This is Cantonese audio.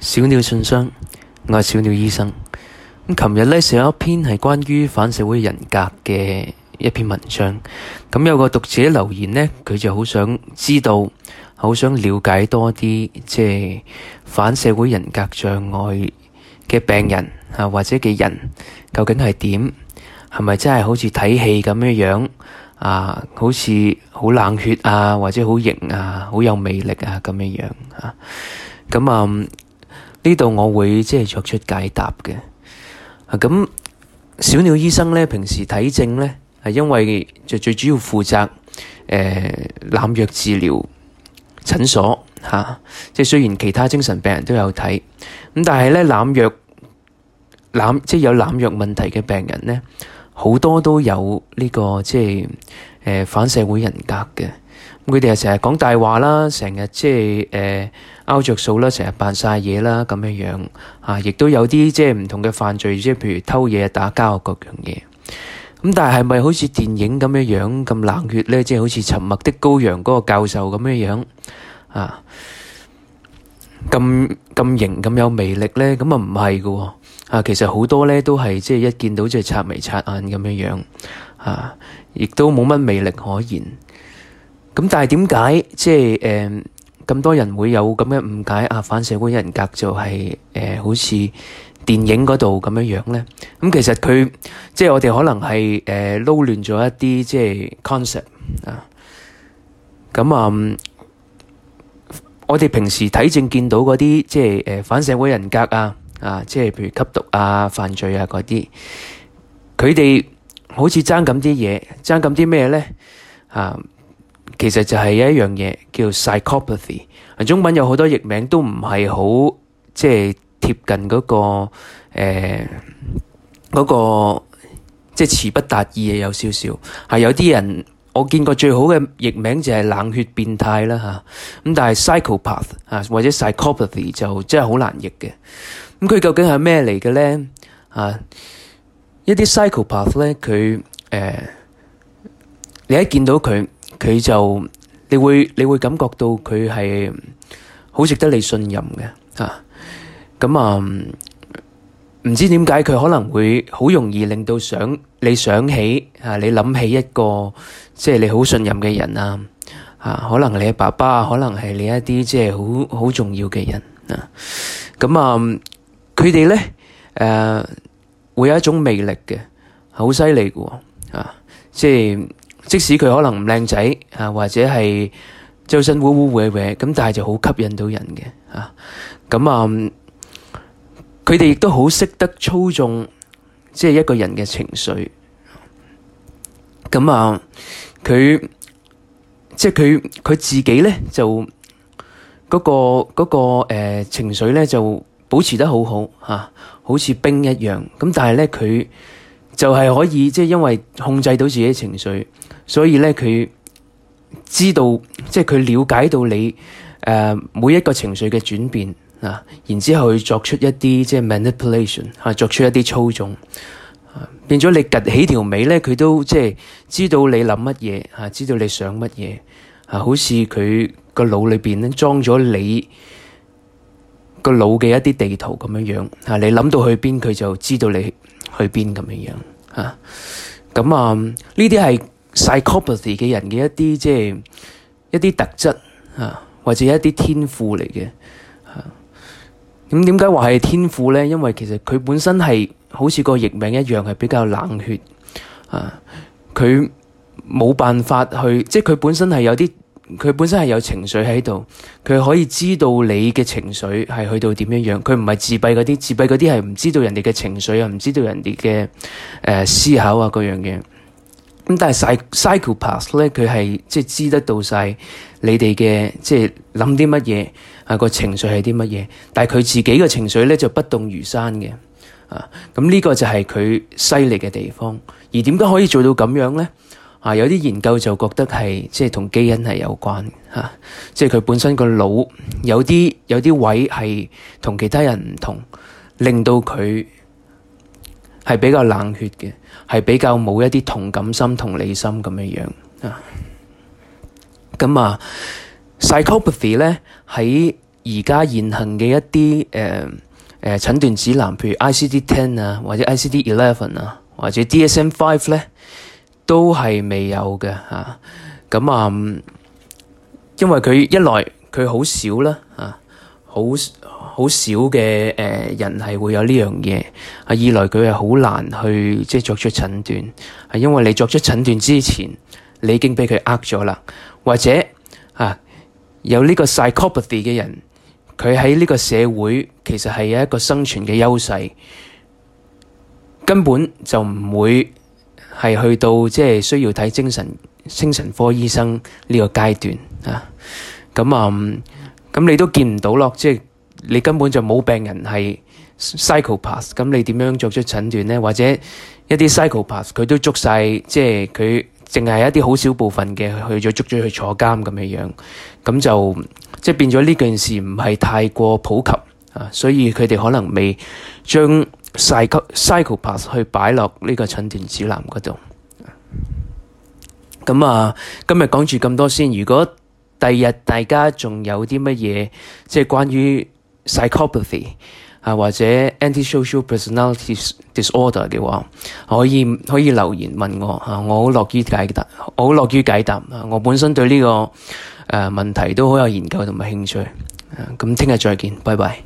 小鳥信箱，我係小鳥醫生。咁琴日咧寫咗一篇係關於反社會人格嘅一篇文章。咁有個讀者留言咧，佢就好想知道，好想了解多啲，即係反社會人格障礙嘅病人啊，或者嘅人究竟係點？係咪真係好似睇戲咁樣樣啊？好似好冷血啊，或者好型啊，好有魅力啊咁樣樣啊？咁啊？嗯呢度我會即係作出解答嘅。咁小鳥醫生咧，平時睇症咧，係因為就最主要負責誒濫、呃、藥治療診所吓、啊，即係雖然其他精神病人都有睇，咁但係咧濫藥濫即係有濫藥問題嘅病人咧，好多都有呢、呢個即係誒、呃、反社會人格嘅。咁佢哋係成日講大話啦，成日即係誒，拗着數啦，成日扮晒嘢啦，咁樣樣啊，亦都有啲即係唔同嘅犯罪，即係譬如偷嘢、打交各樣嘢。咁但係咪好似電影咁樣樣咁冷血咧？即係好似《沉默的羔羊》嗰個教授咁樣樣啊，咁咁型咁有魅力咧？咁啊唔係噶，啊其實好多咧都係即係一見到即係插眉刷眼咁樣樣啊，亦都冇乜魅力可言。咁但係點解即係誒咁多人會有咁嘅誤解啊？反社會人格就係、是、誒、嗯，好似電影嗰度咁樣樣咧。咁、嗯、其實佢即係我哋可能係誒撈亂咗一啲即係 concept 啊。咁、嗯、啊，我哋平時睇正見到嗰啲即係誒反社會人格啊，啊，即係譬如吸毒啊、犯罪啊嗰啲，佢哋好似爭咁啲嘢，爭咁啲咩咧啊？其實就係一樣嘢叫 psychopathy，中文有好多譯名都唔係好即係貼近嗰個誒嗰個即係詞不達意嘅有少少，係有啲人我見過最好嘅譯名就係冷血變態啦吓，咁但係 psychopath 啊或者 psychopathy 就真係好難譯嘅，咁佢究竟係咩嚟嘅咧？啊，一啲 psychopath 咧佢誒，你一見到佢。佢就你會你會感覺到佢係好值得你信任嘅吓，咁啊唔知點解佢可能會好容易令到想你想起吓你諗起一個即係你好信任嘅人啊吓，可能你嘅爸爸啊，可能係你一啲即係好好重要嘅人啊，咁啊佢哋咧誒會有一種魅力嘅，好犀利嘅啊，即係。即使佢可能唔靚仔啊，或者係周身污污穢穢咁，但係就好吸引到人嘅吓。咁啊，佢哋亦都好識得操縱，即係一個人嘅情緒。咁啊，佢即係佢佢自己咧，就嗰個嗰個誒情緒咧，就保持得好好吓，好似冰一樣。咁但係咧，佢就係可以即係因為控制到自己嘅情緒。所以咧，佢知道即係佢了解到你誒每一個情緒嘅轉變啊，然之後佢作出一啲即係 manipulation 嚇，作出一啲操縱啊，變咗你趷起條尾咧，佢都即係知道你諗乜嘢嚇，知道你想乜嘢嚇，好似佢個腦裏邊咧裝咗你個腦嘅一啲地圖咁樣樣嚇，你諗到去邊，佢就知道你去邊咁樣樣嚇。咁啊，呢啲係。psychopathy 嘅人嘅一啲即係一啲特質啊，或者一啲天賦嚟嘅。咁點解話係天賦咧？因為其實佢本身係好似個疫病一樣，係比較冷血啊。佢冇辦法去，即係佢本身係有啲，佢本身係有情緒喺度。佢可以知道你嘅情緒係去到點樣樣。佢唔係自閉嗰啲，自閉嗰啲係唔知道人哋嘅情緒啊，唔知道人哋嘅誒思考啊各樣嘢。咁但係 psychopath 咧，佢係即係知得到晒你哋嘅即係諗啲乜嘢啊個情緒係啲乜嘢，但係佢自己嘅情緒咧就不動如山嘅啊。咁呢個就係佢犀利嘅地方。而點解可以做到咁樣咧？啊，有啲研究就覺得係即係同基因係有關吓，即係佢本身個腦有啲有啲位係同其他人唔同，令到佢。係比較冷血嘅，係比較冇一啲同感心、同理心咁樣樣啊。咁啊，psychopathy 咧喺而家現行嘅一啲誒誒診斷指南，譬如 ICD-10 啊，或者 ICD-11 啊，或者 DSM-5 咧，都係未有嘅嚇。咁啊，啊，因為佢一來佢好少啦嚇，好、啊。很好少嘅人係會有呢樣嘢。二來佢係好難去即係作出診斷，係因為你作出診斷之前，你已經俾佢呃咗啦。或者、啊、有呢個 psychopathy 嘅人，佢喺呢個社會其實係有一個生存嘅優勢，根本就唔會係去到即係需要睇精神精神科醫生呢個階段啊。咁啊，咁、嗯、你都見唔到咯，即係。你根本就冇病人係 psychopath，咁你點樣作出診斷呢？或者一啲 psychopath 佢都捉晒，即係佢淨係一啲好少部分嘅去咗捉咗去坐監咁樣樣，咁就即係變咗呢件事唔係太過普及啊，所以佢哋可能未將 psychopath 去擺落呢個診斷指南嗰度。咁啊，今日講住咁多先。如果第日大家仲有啲乜嘢，即係關於。Psychopathy 或者 antisocial personality disorder 嘅話，可以可以留言問我，我好樂於解答，我好樂於解答。我本身對呢個誒問題都好有研究同埋興趣。咁聽日再見，拜拜。